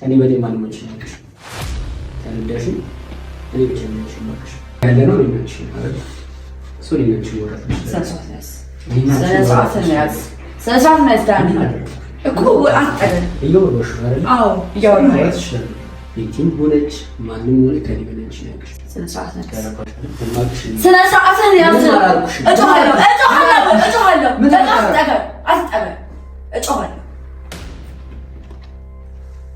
ከኔ በደ ማንም አይችልሽ። ተረዳሽ? እኔ ብቻ ነው የምችልሽ። ያለ ነው ነው የምችል ማለት እሱ ነው የምችል ወራት ነው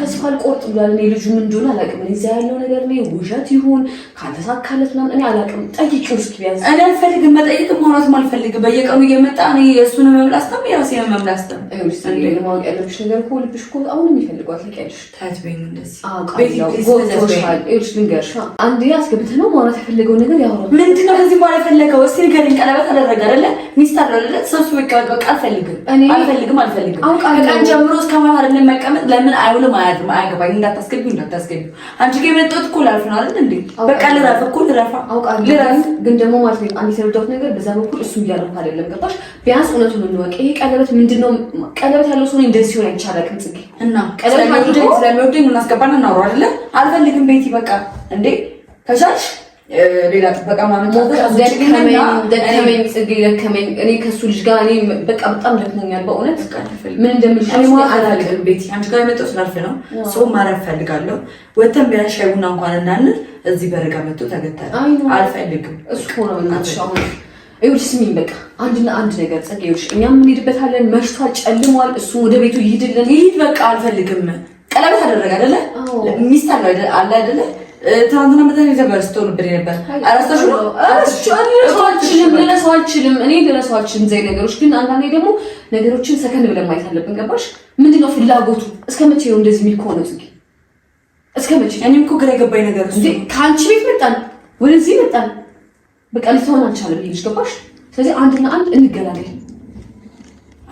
ተስፋ አልቆርጥ ብሏል። እኔ ልጁ ምን እንደሆነ አላውቅም። እዛ ያለው ነገር ነው ውሸት ይሁን ካልተሳካለት ምናምን እኔ አላውቅም። ጠይቂው እስኪ ቢያንስ። እኔ አልፈልግም፣ መጠየቅም ማውራትም አልፈልግም። በየቀኑ እየመጣ እኔ እሱን መምላስ ነው የራሴ መምላስ ነው። ማወቅ ያለብሽ ነገር እኮ ልብሽ እኮ አሁንም ይፈልጓል። ታውቂያለሽ፣ ልንገርሽ፣ አንድ አስገብተህ ነው ማውራት የፈለገው ነገር ያወራል። ምንድን ነው ከዚህ በኋላ የፈለገው? እስኪ ንገሪኝ። ቀለበት አደረገ አይደለ? ሚስት አለ አይደለ? ሰብስ በቃ አልፈልግም፣ አልፈልግም፣ አልፈልግም። ከቀን ጀምሮ እስከ መሀል መቀመጥ ለምን አይውልም አያድርም አያገባኝ እንዳታስገቢ እንዳታስገቢ አንቺ ጋ የመጣሁት እኮ ላልፍ ነው አይደል እንዴ በቃ ልረፍ እኮ ልረፋ ልረፍ ግን ደግሞ ማለት ነው አንድ የተረዳሁት ነገር በዛ በኩል እሱ እያረፍ አይደለም ገባሽ ቢያንስ እውነቱን እንወቅ ይሄ ቀለበት ምንድነው ቀለበት ያለው ሰው እንደዚህ ሲሆን አይቻላቅም ጽጌ እና ቀለበት ስለሚወደኝ እናስገባና እናውራ አይደለም አልፈልግም ቤቲ በቃ እንዴ ከቻልሽ ሌላ ጥበቃ ማመጣት ጽጌ ደከመኝ። እኔ ከሱ ልጅ ጋር እኔ በቃ በጣም ደክሞኛል በእውነት ምን እንደምልሽ አላውቅም። ቤቲ አንቺ ጋር የመጣው ስላልፍ ነው። ሰው ማረፍ ፈልጋለሁ። ወተን ቢያ ሻይ ቡና እንኳን እናንል እዚህ በረጋ መጥቶ ተገታል። አልፈልግም እሱ ነው ምናምን ይኸውልሽ ስሚኝ፣ በቃ አንድና አንድ ነገር ጸጥ ይኸውልሽ፣ እኛም እንሄድበታለን። መሽቷል፣ ጨልሟል። እሱ ወደ ቤቱ ይሄድልን። ይሄድ በቃ አልፈልግም። ቀለበት አደረገ አይደለ? ሚስት አለ አይደለ? ትናንትና መተን ነበር ስትሆን ብሬ ነበር። አረስተሽ አልችልም፣ እኔ ልረሳው አልችልም። ዘይ ነገሮች ግን አንዳንዴ ደግሞ ነገሮችን ሰከንድ ብለን ማየት አለብን። ገባሽ? ምንድነው ፍላጎቱ? እስከ መቼ ነው እንደዚህ የሚሆነው? ጽጌ እስከ መቼ? እኔም እኮ ግራ የገባኝ ነገር እሱ ከአንቺ ቤት መጣን፣ ወደዚህ መጣን፣ በቃ ልትሆን አልቻለም። ይልሽ ገባሽ? ስለዚህ አንድና አንድ እንገናኛለን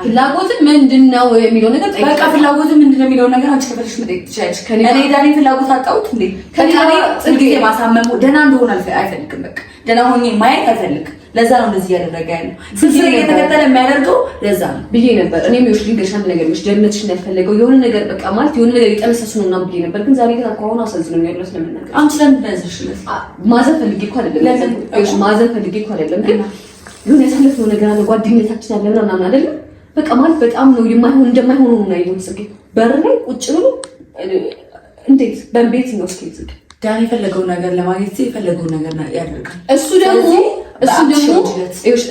ፍላጎት ምንድን ነው የሚለው ነገር በቃ ፍላጎት ምንድን ነው የሚለው ነገር አንቺ ከፈለግሽ መጠየቅ ትችያለሽ። ከእኔ ዳኔ ፍላጎት አጣሁት እንዴ ከዳኔ ጽድቅ የማሳመሙ ደህና እንደሆነ አይፈልግም። በቃ ደህና ሆኜ ማየት አይፈልግም። ለዛ ነው እንደዚህ እያደረገ ያለው ስልስለ እየተከተለ የሚያደርገው ለዛ ነው ብዬ ነበር። እኔም ይኸውልሽ ልንገርሽ አንድ ነገር ሽ ደህንነትሽ እንዳልፈለገው የሆነ ነገር በቃ ማለት የሆነ ነገር የጠነሰሱ ነው ምናምን ብዬ ነበር። ግን ዛሬ ግን አኳሆኑ አሳዝኖኛል። ያለስ ለምናገር አንቺ ለምን ያዝሽ ማዘን ፈልጌ እኮ አይደለም ማዘን ፈልጌ እኮ አይደለም። ግን የሆነ ያሳለፍነው ነገር አለ ጓደኝነታችን ያለ ምናምን አይደለም በቃ ማለት በጣም ነው የማይሆን እንደማይሆኑ ነው ያየሁት። ፅጌ በር ላይ ቁጭ ብሎ እንዴት በቤት ነው እስኪ ፅጌ ዳን የፈለገው ነገር ለማግኘት የፈለገው ነገር ያደርጋል። እሱ ደግሞ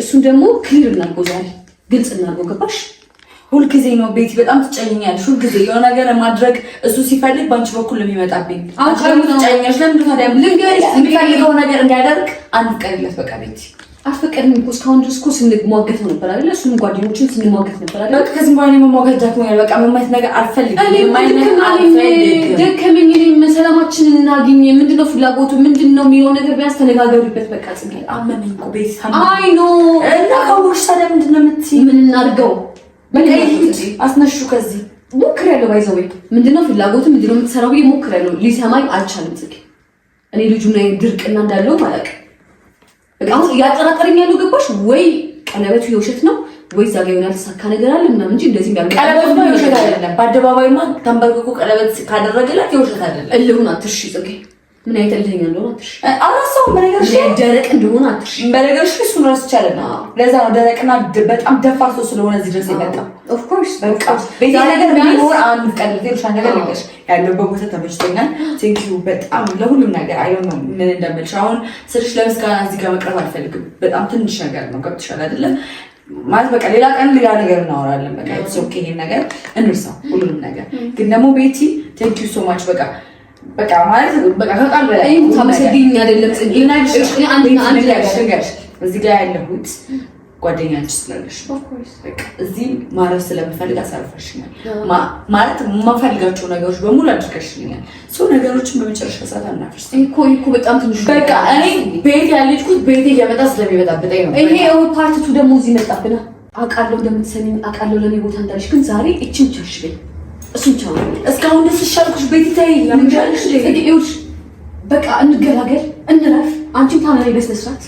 እሱን ደግሞ ክሊር እናድርገው፣ ዛሬ ግልጽ እናድርገው። ገባሽ? ሁልጊዜ ነው ቤቲ፣ በጣም ትጨኝኛለሽ። ሁልጊዜ የሆነ ነገር ማድረግ እሱ ሲፈልግ በአንቺ በኩል የሚመጣብኝ አንቺ ደግሞ ትጨኛለሽ። ለምንድን ነው ታዲያ የሚፈልገው ነገር እንዳያደርግ አንድ ቀንለት በቃ ቤቲ አፈቀድን እኮ እስካሁን ድረስ እኮ ስንሟገት ነበር አይደል? እሱም ጓደኞችን ስንሟገት ነበር አይደል? በቃ ከዚህ በኋላ መሟገት ዳክሞኛል። በቃ መማየት ነገር አልፈልግም። ደከመኝ። ሰላማችንን እናግኝ። ምንድነው ፍላጎቱ? ምንድነው የሚለው ነገር ቢያንስ ተነጋገሩበት። በቃ ጽጌ አመመኝ እኮ ቤት አይ ኖ እና ከሞሽ ታዲያ ምንድን ነው ምን እናድርገው? አስነሹ ከዚህ ሞክር ያለው ምንድን ምንድነው ፍላጎቱ? ምንድነው የምትሰራው? ሞክር ያለው ሊሰማኝ አልቻለም ጽጌ። እኔ ልጁ ድርቅና እንዳለው ማለት አሁን ያጠራጠረኝ ያለው ገባሽ ወይ ቀለበቱ የውሸት ነው ወይ እዛ ጋር የሆነ ያልተሳካ ነገር አለ ምናምን እንጂ እንደዚህ ያለ ቀለበት ነው የውሸት አይደለም። በአደባባይማ ተንበርክኮ ቀለበት ካደረገላት የውሸት አይደለም። እልሁን አትርሺ ጽጌ ምን አይነት ልጅኛ እንደሆነ አትርሽ። አላሰውም በነገርሽ ደረቅ እንደሆነ አትርሽ። በነገርሽ እሱን ረስቻለሁ። ለዛ ነው ደረቅና በጣም ደፋር ሰው ስለሆነ እዚህ ድረስ የመጣ ኦፍ ኮርስ በቃ ቤቴ ነገር ቢኖር አንድ ቀን ልትይሽ ነገር ልንገርሽ ያለበት ቦታ ተመችቶኛል። ቴንክ ዩ በጣም ለሁሉም ነገር አይሆን ነው ምን እንደምልሽ አሁን ስልሽ ለምስጋና እዚህ ጋር መቅረብ አልፈልግም። በጣም ትንሽ ነገር ነው ገብትሻል አይደለ? ማለት በቃ ሌላ ቀን ሌላ ነገር እናወራለን። በቃ ይሄን ነገር እንርሳ ሁሉንም ነገር ግን ደግሞ ቤቲ ቴንክ ዩ ሶ ማች በቃ በቃ ማለት በቃ ከቃል በላይ ታመሰግኝ አይደለም ጽጌ ናይሽ እኔ አንድ አንድ ነገር እዚህ ጋር ያለሁት ጓደኛች ስለነሽ በቃ እዚህ ማረፍ ስለምፈልግ አሳርፈሽኛል። ማለት የማፈልጋቸው ነገሮች በሙሉ አድርገሽኛል። ሰው ነገሮችን በመጨረሻ ሰዓት አናፍርሽ እኮ እኮ በጣም ትንሽ በቃ እኔ ቤት ያለችኩት ቤቴ እየመጣ ስለሚበጣብጠኝ ነው። ይሄ ፓርቲቱ ደግሞ እዚህ መጣብና አውቃለሁ እንደምትሰሚኝ አውቃለሁ ለኔ ቦታ እንዳለሽ ግን ዛሬ እችን ቸርሽ በይ እሱ ብቻ እስካሁን ደስ ይሻልኩሽ። ቤት ታይ በቃ እንገላገል፣ እንረፍ። አንቺም ታናሪ በስነስርዓት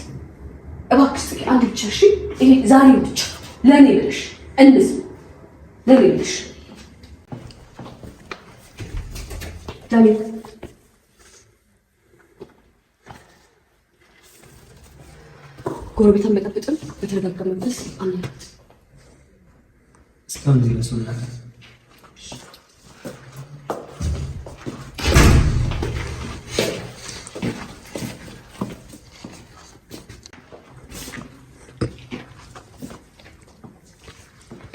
እባክሽ ጥቂ አንድ ብቻ እሺ። ይሄ ዛሬ ብቻ ለእኔ ብለሽ እንዝ ለእኔ ብለሽ ጎረቤታን በጠብጥም በተረጋጋ መንፈስ አናት እስካሁን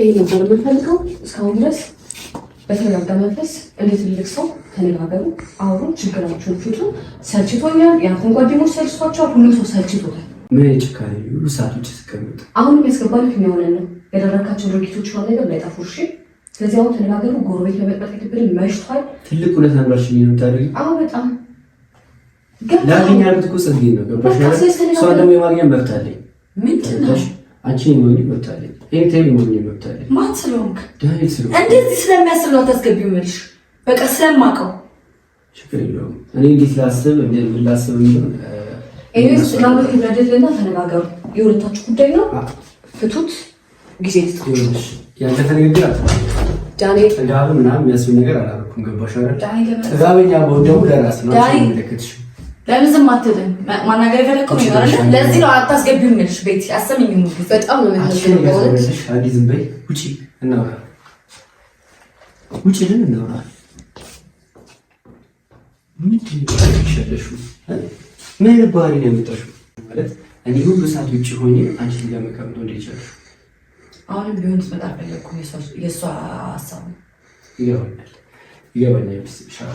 ይሄ ነበር የምንፈልገው። እስካሁን ድረስ በተረጋጋ መንፈስ እንደ ትልቅ ሰው ተነጋገሩ፣ አውሩ፣ ችግራችሁን ፍቱ። ሰልችቶኛል። የአንተን ጓደኞች ሰልችቷቸዋል። ሁሉም ሰው ሰልችቶታል። መች ካዩ ሳቶች ተቀምጡ። አሁንም ያስገባልህ የሚሆነ ነው ያደረካቸው ድርጊቶች ሆነ ነገር ላይ እሺ ስለዚህ አሁን ተነጋገሩ። ጎረቤት መበጣት ግብል መሽቷል። ትልቅ ሁለት ነምራሽ የሚሆን አሁ በጣም ላገኛ ያሉት እኮ ጽጌ ነው። ገባሽ? ሰው ደግሞ የማግኘት መብት አለኝ ምንድነው አንቺ የመሆን መብት አለኝ። ኤኒ ታይም ማን ስለሆንክ ዳንኤል ስለሆንክ እንደዚህ ስለሚያስብ ነው መልሽ በቃ ስለማውቀው ችግር የለውም። እኔ እንዴት ላስብ ምን ላስብ የሚሆን ኤኒዌይስ ለማለት ተነጋገሩ። የሁለታችሁ ጉዳይ ነው፣ ፍቱት። ጊዜ ልስጣችሁ። ያንተ ተነጋግር አትባል እንዳሉ ምናምን የሚያስብ ነገር አላረኩም ገባሽ አይደል? ጥጋበኛ በሆነ ደግሞ ለራስ ነው ምልክትሽ ለምን ዝም አትልም? ማናገር የፈለግከው ይኖራል። ለዚህ ነው አታስገቢው የምልሽ ቤት አሰሚኝ። በጣም ነው ምን ባህሪ ነው የመጣሽው? ማለት እኔ ሁሉ ሰዓት ውጭ ሆኜ አንቺ ለመቀምጦ እንደ ይቻለሽ አሁንም ቢሆን ትመጣ ፈለግኩ። የእሷ ሀሳብ ይገባኛል። ይገባኛል።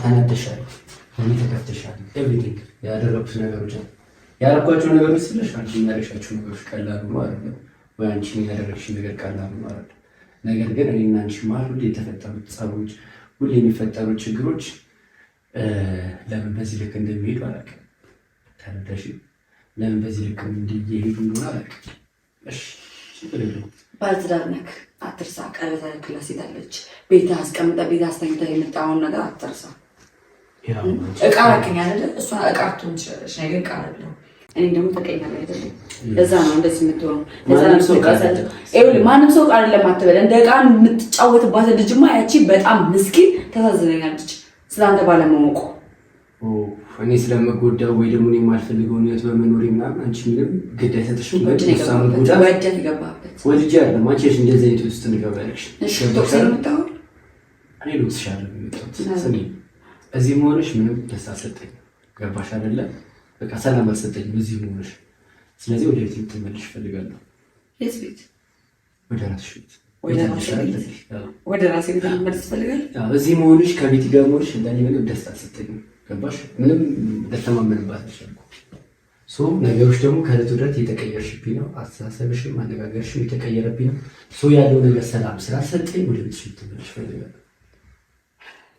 ተናደሻል እኔ ተከፍተሻል። ኤቭሪቲንግ ያደረኩት ነገሮች ያደረኳቸው ነገር ስለሽ አንቺ የሚያደርሻቸው ነገሮች ቀላሉ ነው አይደለም ወይ? አንቺ የሚያደረግሽ ነገር ቀላሉ ነው አይደለም። ነገር ግን እኔ እና አንቺ መሀል ሁሌ የተፈጠሩት ጸቦች፣ ሁሌ የሚፈጠሩ ችግሮች ለምን በዚህ ልክ እንደሚሄዱ አላውቅም። ተረዳሽ? ለምን በዚህ ልክ እንደሚሄዱ እንደሆነ አላውቅም። እሺ ነክ አትርሳ። ቀረታ ልክላ ሴት አለች ቤት አስቀምጠ ቤት አስተኝታ የመጣውን ነገር አትርሳ። እቃ እቃ ትሆን ትችላለች። እቃ አይደለም። እኔ ደግሞ አይደለም? ለዛ ነው እንደዚህ ማንም ሰው እቃ አይደለም አትበል። እንደ እቃ የምትጫወትባት ልጅማ ያቺ በጣም ምስኪን ተሳዝነኛለች፣ ስለአንተ ባለማወቁ እኔ ወይ ደግሞ የማልፈልገውን ህይወት በመኖር ምናምን አንቺ ምንም ግድ አይሰጥሽም። እዚህ መሆንሽ ምንም ደስ አልሰጠኝም። ገባሽ አይደለ? በቃ ሰላም አልሰጠኝም እዚህ መሆንሽ። ስለዚህ ወደ ቤት ልትመልሽ እፈልጋለሁ። የት ቤት? ወደ ራስሽ ቤት። ወደ ራሴ ቤት ልትመለስ ትፈልጋለህ? እዚህ መሆንሽ ከቤት ጋር መሆንሽ እንደኔ ምንም ደስ አልሰጠኝም። ገባሽ? ምንም ልተማመንባት አልቻልኩም። ነገሮች ደግሞ ከዕለት ወደ ዕለት የተቀየርሽብኝ ነው። አስተሳሰብሽም አነጋገርሽም የተቀየረብኝ ነው። ያለው ነገር ሰላም ስላልሰጠኝ ወደ ቤትሽ ልትመለሽ እፈልጋለሁ።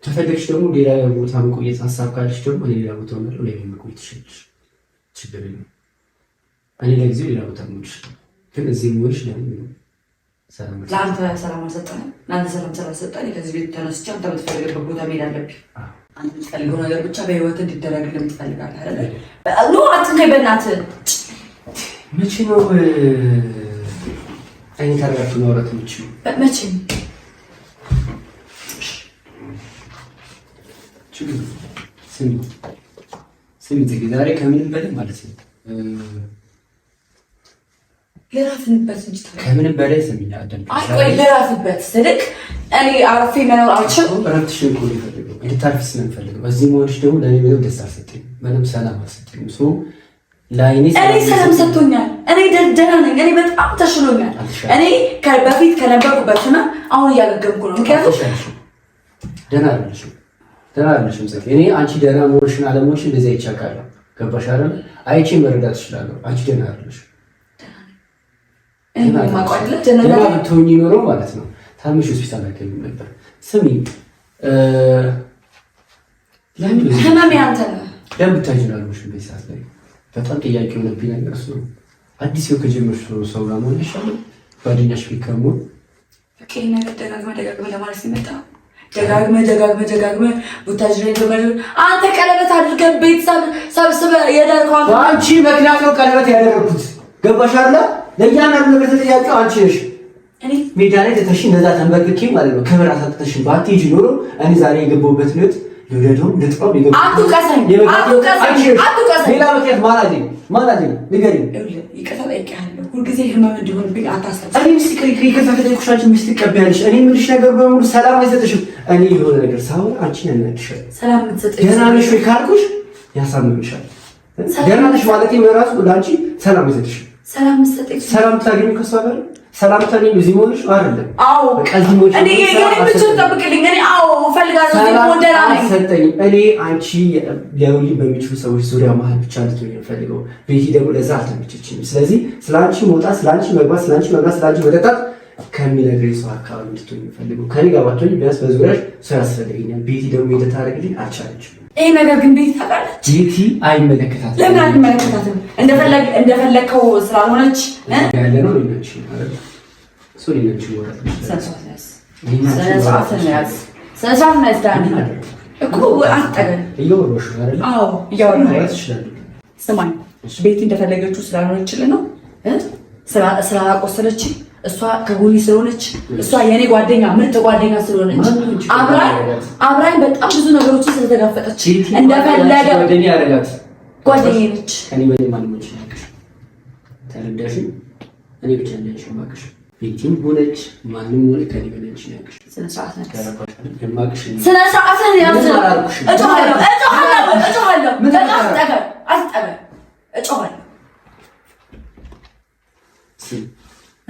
ከፈለግሽ ደግሞ ሌላ ቦታ መቆየት ሀሳብ ካለሽ ደግሞ እኔ ሌላ ቦታ ሆነ ሌላ መቆየት ይችላል፣ ችግር ነው። እኔ ለጊዜው ሌላ ቦታ ሞች፣ ግን እዚህ ሞች ለአንተ ሰላም አልሰጠንም። ለአንተ ሰላም ስላልሰጠን ከዚህ ቤት ተነስቼ አንተ የምትፈልግበት ቦታ መሄድ አለብኝ። አንተ የምትፈልገው ነገር ብቻ በህይወት እንዲደረግ ለምትፈልጋል አለ ኖ አትንከኝ፣ በእናትህ መቼ ነው አይነት ታረጋችሁ ማውራት ምችሉ መቼ ስሚ ስሚ ፅጌ፣ ዛሬ ከምንም በላይ ማለት ነው እንጂ ከምንም በላይ ስሚ፣ ስልክ እኔ አርፌ መኖር አልችልም። እኮ ነው የፈለገው፣ እንድታርፊ ስለምፈልገው መሆንሽ ደግሞ ለእኔ ምንም ደስ አልሰጠኝም፣ ምንም ሰላም አልሰጠኝም። እኔ ሰላም ሰጥቶኛል። እኔ ደህና ነኝ። እኔ በጣም ተሽሎኛል። እኔ በፊት ከነበርኩበት አሁን እያገገምኩ ነው። ምክንያቱም ደህና አይደለሽም ደህና አይደለሽም ፅጌ። እኔ አንቺ ደህና መሆንሽን አለመሆንሽን እንደዚህ አይቻካለሁ። ገባሽ አይደል? አይቼ መረዳት እችላለሁ። አንቺ ደህና አይደለሽም። ደህና ብትሆኚ ኖሮ ማለት ነው ታምሽ ሆስፒታል አይገኝም ነበር። ስሚ ለምን ብታይኝ አልኩሽ ሰዓት ላይ በጣም ጥያቄ ሆነብኝ ነገር እሱ ነው። አዲስ ህይወት ከጀመርሽ ሰው ጋር መሆን ይሻላል ጓደኛሽ ቢከሙ ነገር ደጋግመህ ደጋግመህ ለማለት ሲመጣ ደጋግመ ደጋግመ ደጋግመ ቡታጅሬ ይደመረ አንተ ቀለበት አድርገን ቤተሰብ ሰብስበ የዳርከው አንቺ ምክንያት ነው ቀለበት ያደረኩት። ገባሽ አይደለ? ለእያንዳንዱ ነገር ተጠያቂው አንቺ ነሽ። እኔ ሜዳ ላይ ተተሽ እንደዛ ተንበርክኬ ማለት ነው ክብር አሳጥተሽ ባትሄጂ ኖሮ እኔ ዛሬ የገባሁበት ህይወት ልውለደው ልጥፋም ይገባ። አትውቀሰኝ፣ አትውቀሰኝ፣ አትውቀሰኝ። ሌላ ምክንያት ማለት ነው ማለት ነው ንገሪኝ። ይቅርታ ጠይቄሃለሁ። ሁልጊዜ ህመም እንዲሆንብኝ አታስብ። እኔ ምስክር ይቅርታ ከጠየኩሽ አንቺ ምስክር ቀበያለሽ። እኔ የምልሽ ነገር በሙሉ ሰላም አይሰጥሽም። እኔ የሆነ ነገር ሳይሆን አንቺን ያናድሻል። ሰላም የምትሰጠኝ ደህና ነሽ ወይ ካልኩሽ ያሳምምሻል። ደህና ነሽ ማለት የመራሱ ለአንቺ ሰላም ይሰጥሻል። ሰላም የምትሰጠኝ ሰላም ታገኙ ከሷ ጋር ሰላም ታገኙ እዚህ ሆነሽ አይደለም። አዎ ቀዚህ ሆነሽ እኔ የኔ ብቻ ጠብቅልኝ። እኔ አዎ ፈልጋለሁ። እኔ አንቺ ሊያውኝ በሚችሉ ሰዎች ዙሪያ መሀል ብቻ ልትሆኝ የምፈልገው ቤቲ ደግሞ ለዛ አልተመቸችኝም። ስለዚህ ስለ አንቺ መውጣት፣ ስለ አንቺ መግባት፣ ስለ አንቺ መብላት፣ ስለ አንቺ መጠጣት ከሚነግረኝ ሰው አካባቢ እንድትሆን የሚፈልገው ከኔ ጋር ባትሆኝ ቢያንስ በዙሪያሽ ሰው ያስፈልገኛል። ቤቲ ደግሞ የተታረግልኝ አልቻለችም። ይህ ነገር ግን ቤቲ ታውቃለች። ቤቲ አይመለከታትም። ለምን አይመለከታትም? እንደፈለግከው ስላልሆነች ያለ ነው ሊነች እሱ ሊነች ይወራል። እኮ እያወራሽ ስማኝ ቤቲ እንደፈለገችው ስላልሆነችል ነው እሷ ከጎኒ ስለሆነች እሷ የኔ ጓደኛ ምርጥ ጓደኛ ስለሆነች አብራኝ አብራኝ በጣም ብዙ ነገሮችን ስለተጋፈጠች እንደፈለገ ጓደኛ ነች። እኔ ብቻ ቪክቲም ሆነች ማንም ሆነ ከኔ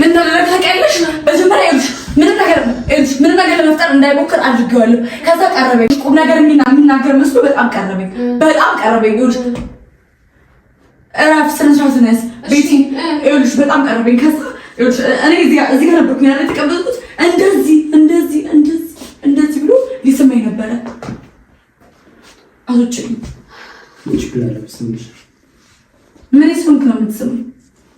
ምን ታውቂያለሽ? መጀመሪያ ምንም ነገር ለመፍጠር እንዳይሞክር አድርጌዋለሁ። ከዛ ቀረበኝ። ቁም ነገር የሚናገር መስሎ በጣም ቀረበኝ፣ በጣም ቀረበኝ። እረፍ፣ ስነ ስርዓት ነስ ቤቲ። ይኸውልሽ በጣም ቀረበኝ። ከዛ እኔ እዚህ ጋር ነበርኩኝ አይደል የተቀመጥኩት። እንደዚህ እንደዚህ እንደዚህ እንደዚህ ብሎ ሊስመኝ ነበረ። አዞችልኝ ምን ይስምክ ነው የምትስመኝ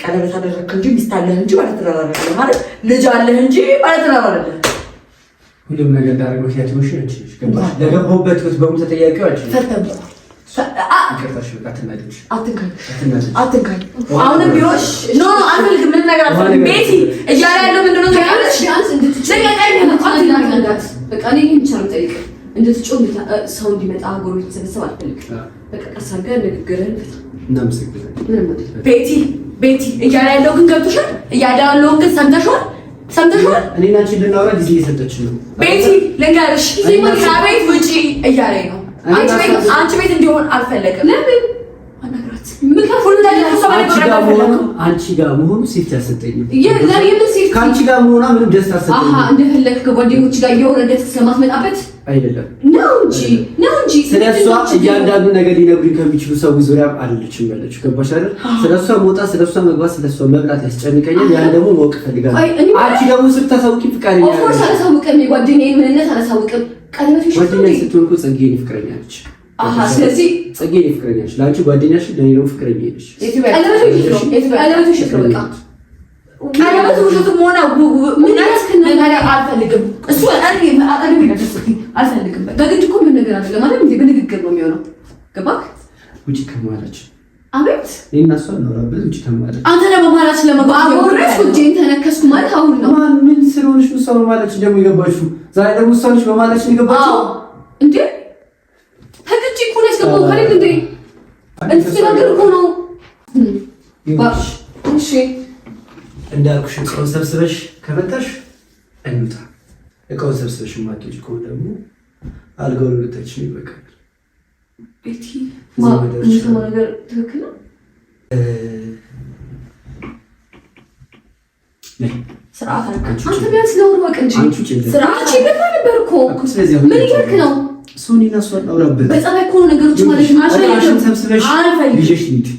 ቀለበት አደረግክ እንጂ ሚስት አለህ እንጂ ማለት ልጅ አለህ እንጂ ማለት አይደለም። ሁሉም ነገር ለገባሁበት አሁንም ኖ አልፈልግም። ነገር አልፈልግም። ቤቲ እያለ ያለው ሰው እንዲመጣ ንግግርህን ቤቲ ቤቲ እያለ ያለው ግን ገብቶሻል? እያለ ያለውን ግን ሰምተሻል? ሰምተሻል? እኔ እና ልናወራ ጊዜ እየሰጠች ነው። ቤቲ ልንገርሽ፣ ከቤት ውጪ እያለኝ ነው። አንቺ ቤት እንዲሆን አልፈለግም። አንቺ ጋር መሆኑ ሴፍቲ አልሰጠኝም። ከአንቺ ጋር መሆኗ ምንም ደስታ አልሰጠኝም። እንደፈለግክ ጓደኞች ጋር እየሆነ ደስ ስለማትመጣበት አይደለም ነው እንጂ ነው እንጂ ስለሷ እያንዳንዱ ነገር ሊነግሩኝ ከሚችሉ ሰዎች ዙሪያ አለችም ያለች ገባሽ አይደል? ስለሷ መውጣት፣ ስለሷ መግባት፣ ስለሷ መብላት ያስጨንቀኛል። ያን ደግሞ ማወቅ እፈልጋለሁ። አንቺ ደግሞ ስታሳውቂ ፍቃደኛ ነሽ? አላሳውቅም። የጓደኛዬን ምንነት አላሳውቅም። ጓደኛዬ ስትሆን እኮ ጽጌ የእኔ ፍቅረኛ ነች። ስለዚህ ጽጌ የእኔ ፍቅረኛ ነች። ለአንቺ ጓደኛሽ፣ ለእኔ ደግሞ ፍቅረኛዬ ነች። ቀለበትሽ ነው። ቀለበትሽ ቀለበት ውሸቱም ሆነ መናገር አልፈልግም። እሱ አልፈልግም። በግድ እኮ ምን ነገር አለ በንግግር ነው የሚሆነው። ገባህ? ውጭ ከማለች አቤት አንተ ለመማላት ስለመጓጎረስ እጄን ተነከስኩ ማለት አሁን ነው። ምን ስለሆነች ሰው ማለች ደግሞ የገባችሁ ዛሬ ደግሞ ሰዎች በማለች የገባችሁ እንዴ? ተግጭ እኮ ያስገባው ካሌብ እንዴ? እንትን ሲናገር እኮ ነው። እሺ እንዳልኩሽ እቃውን ሰብስበሽ ከፈታሽ እንውጣ። እቃውን ሰብስበሽ ማትወጪ ከሆነ ደግሞ አልጋውን ሁለታችን ይበቃል። ቤቲ ነገር ትክክል ነው። ስርዓት አንተ ቢያንስ ነበር እኮ። ምን ነው? ነገሮች ማለት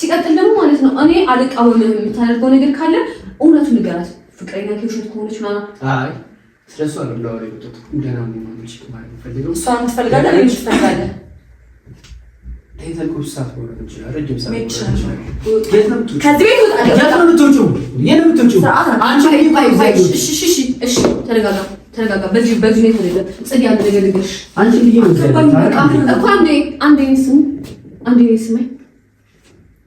ሲቀጥል ደግሞ ማለት ነው እኔ አልቃወምም። የምታደርገው ነገር ካለ እውነቱ ንገራት። ፍቅረኛ ከውሸት ከሆነች ማለት አይ ስለሱ አላወራም። ይወጣት እንደና ነው ማለት ነው ፈልገው እሷ የምትፈልጋለህ እኔ የምትፈልጋለህ ተረጋጋ።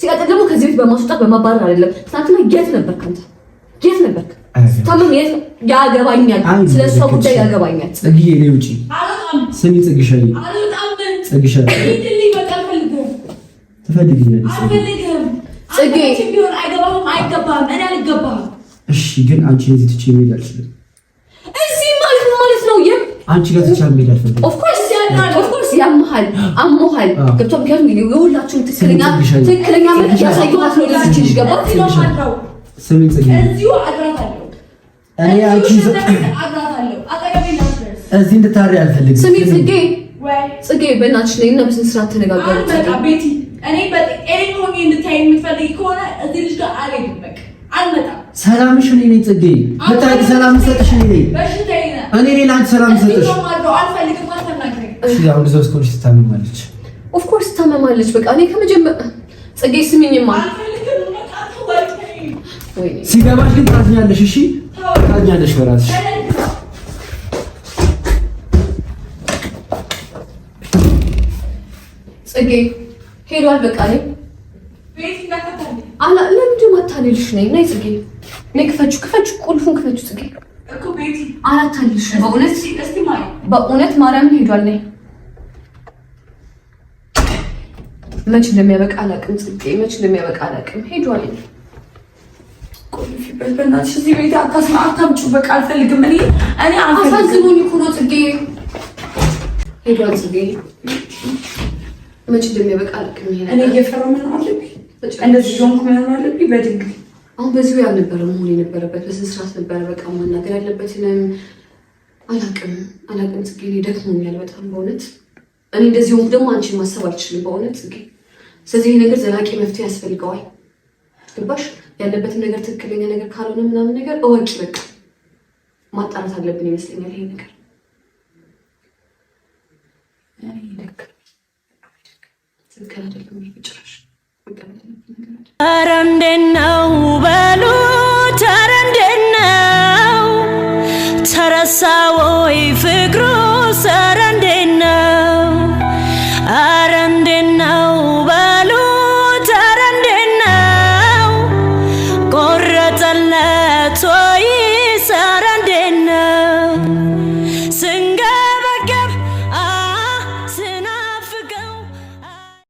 ሲቀጥል ደግሞ ከዚህ ቤት በማስወጣት በማባረር አይደለም። ትናንትና የት ነበርክ አንተ? የት ነበርክ? ታምም የት ያገባኛል፣ ስለ እሷ ጉዳይ ያገባኛል። ጽግዬ እኔ ውጪ ስሚ፣ ፅግሻዬ ፅግሻዬ ትፈልጊኛለሽ? ፅጌ አይገባም፣ አይገባም፣ እሺ፣ ግን አንቺ እዚህ ትቼ መሄድ አልችልም። እዚህ ማለት ማለት ነው የም አንቺ ጋር ትቻ መሄድ አልፈልግም ጨንቆሃል፣ አሞሃል። ገብቶ ምክንያቱም የሁላችሁም ትክክለኛ ትክክለኛ መለስ ያሳየኋት ነው። እዚህ እንድታሪ አልፈልግም። ጽጌ፣ ጽጌ በእናትሽ ነይ እና በስንት ተነጋገሩ። ቤቲ፣ እኔ ሆኜ እንድታይ የምትፈልጊ ከሆነ እዚህ ልጅ ጋር አልሄድም። በቃ አልመጣም። ሰላምሽ እኔ ነኝ ጽጌ። ሰላም ሰጥሽ እኔ ነኝ። እኔ ሌላ አንቺ ሰላም ሰጥሽ አሁን እዛው እስከሆነች ኦፍ ኮርስ ትታመማለች። በቃ እኔ ከመጀመሪያ ጽጌ ስሚኝማ፣ ሲገባሽ ግን ታዝኛለሽ። እሺ ታዝኛለሽ በራስሽ ጽጌ ሄዷል። በቃ ቤት አላ ለምንድን ማታለልሽ ነኝ? ነይ ጽጌ፣ ነይ ክፈችው፣ ክፈችው፣ ቁልፉን ክፈችው ጽጌ እኮ ቤቲ አራት በእውነት እስቲ ማርያም በእውነት ማርያምን ሄዷል። ነይ መች እንደሚያበቃ አላውቅም። ጽጌ መች እንደሚያበቃ አላውቅም። ሄዷል። ቆልፊበት በእናትሽ እዚህ ቤት አታስማ፣ አታምጪው። በቃ አልፈልግም። እኔ እኔ አሳዝኖኝ እኮ ነው። ጽጌ ሄዷል። ጽጌ መች እንደሚያበቃ አላውቅም። እኔ እየፈራሁ ምን አለብኝ እንደዚህ ሆንኩ ምን አለብኝ በድንግ አሁን በዚሁ ያልነበረ መሆን የነበረበት በስስራት ነበረ። በቃ ማናገር ያለበትንም አላቅም አላቅም። ጽጌ ደክሞኛል በጣም በእውነት እኔ እንደዚሁ ደግሞ አንቺን ማሰብ አልችልም በእውነት ጽጌ። ስለዚህ ይህ ነገር ዘላቂ መፍትሄ ያስፈልገዋል። ግባሽ ያለበትን ነገር ትክክለኛ ነገር ካልሆነ ምናምን ነገር እወቂ። በቃ ማጣራት አለብን ይመስለኛል ይሄ ነገር ትክክል አይደለም ጭራሽ ኧረ እንዴት ነው በሉት፣ ኧረ እንዴት ነው ተረሳ ወይ ፍቅሩ